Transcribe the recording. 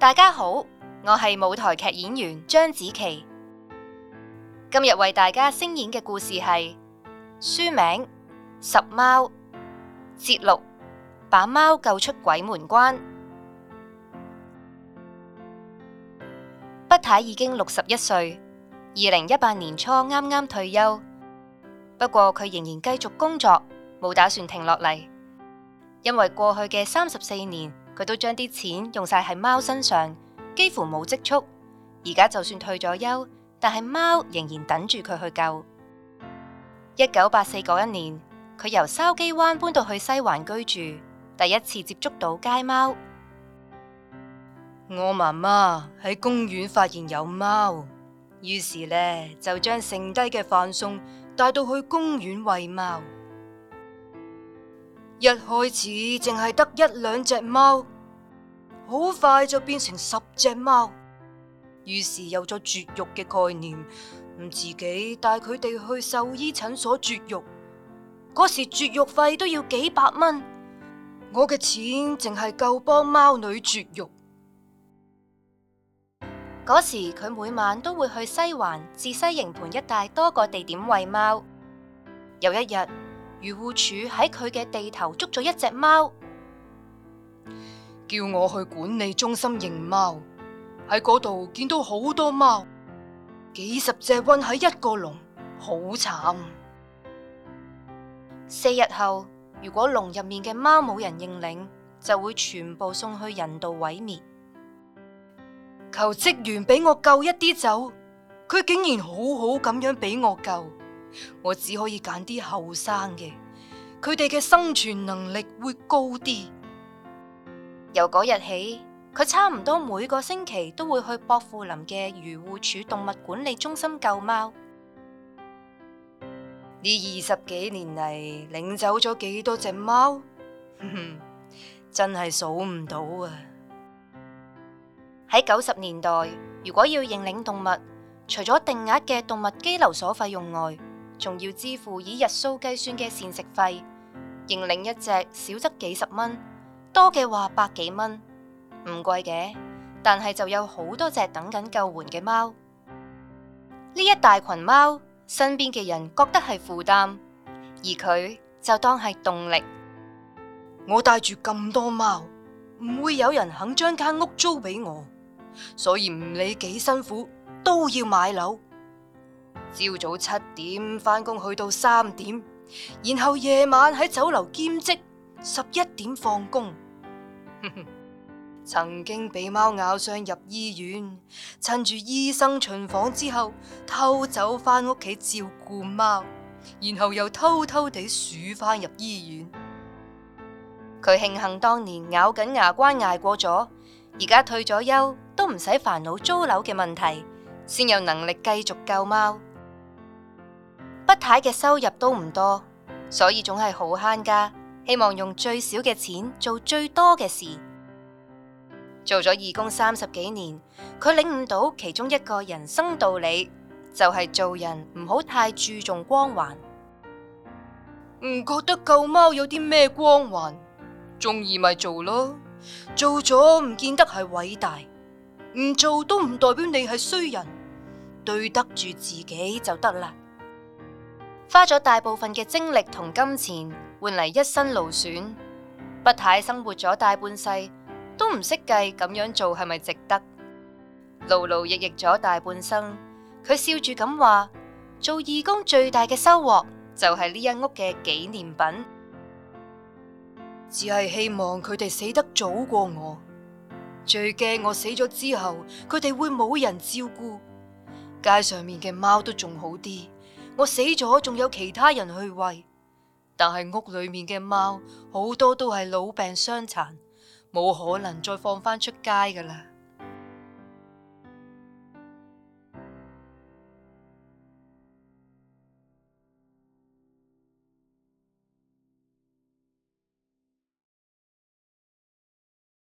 大家好，我係舞台劇演員張紫琪。今日為大家聲演嘅故事係書名《拾貓節錄》，把貓救出鬼門關。畢太已經六十一歲，二零一八年初啱啱退休，不過佢仍然繼續工作，冇打算停落嚟，因為過去嘅三十四年，佢都將啲錢用晒喺貓身上，幾乎冇積蓄。而家就算退咗休，但係貓仍然等住佢去救。一九八四嗰一年，佢由筲箕灣搬到去西環居住，第一次接觸到街貓。我媽媽喺公園發現有貓，於是呢，就將剩低嘅飯餸帶到去公園喂貓。一開始淨係得一兩隻貓，好快就變成十隻貓。於是有咗絕育嘅概念，唔自己帶佢哋去獸醫診所絕育。嗰時絕育費都要幾百蚊，我嘅錢淨係夠幫貓女絕育。嗰時佢每晚都會去西環至西營盤一帶多個地點餵貓。有一日，漁護署喺佢嘅地頭捉咗一隻貓，叫我去管理中心認貓。喺嗰度見到好多貓，幾十隻韞喺一個籠，好慘。四日後，如果籠入面嘅貓冇人認領，就會全部送去人道毀滅。求職員俾我救一啲走，佢竟然好好咁樣俾我救。我只可以揀啲後生嘅，佢哋嘅生存能力會高啲。由嗰日起，佢差唔多每個星期都會去薄扶林嘅漁護處動物管理中心救貓。呢二十幾年嚟，領走咗幾多隻貓？哼，真係數唔到啊！喺九十年代，如果要認領動物，除咗定額嘅動物羈留所費用外，仲要支付以日數計算嘅膳食費，認領一隻少則幾十蚊，多嘅話百幾蚊，唔貴嘅，但係就有好多隻等緊救援嘅貓。呢一大群貓，身邊嘅人覺得係負擔，而佢就當係動力。我帶住咁多貓，唔會有人肯將間屋租俾我，所以唔理幾辛苦，都要買樓。朝早七點返工去到三點，然後夜晚喺酒樓兼職十一點放工。 曾經被貓咬傷入醫院，趁住醫生巡房之後偷走返屋企照顧貓，然後又偷偷地鼠翻入醫院。佢慶幸當年咬緊牙關挨過咗，而家退咗休都唔使煩惱租樓嘅問題，先有能力繼續救貓。畢太嘅收入都唔多，所以總係好慳家，希望用最少嘅錢做最多嘅事。做咗義工三十幾年，佢領悟到其中一個人生道理，就係做人唔好太注重光環。唔覺得救貓有啲咩光環。中意咪做咯，做咗唔見得係偉大，唔做都唔代表你係衰人。對得住自己就得啦。花咗大部分嘅精力同金錢，換嚟一身勞損，不太生活咗大半世，都唔識計咁樣做係咪值得？勞勞役役咗大半生，佢笑住咁話：做義工最大嘅收穫就係呢一屋嘅紀念品。只係希望佢哋死得早過我，最驚我死咗之後，佢哋會冇人照顧。街上面嘅貓都仲好啲，我死咗仲有其他人去餵。但係屋裏面嘅貓好多都係老病傷殘，冇可能再放返出街㗎喇。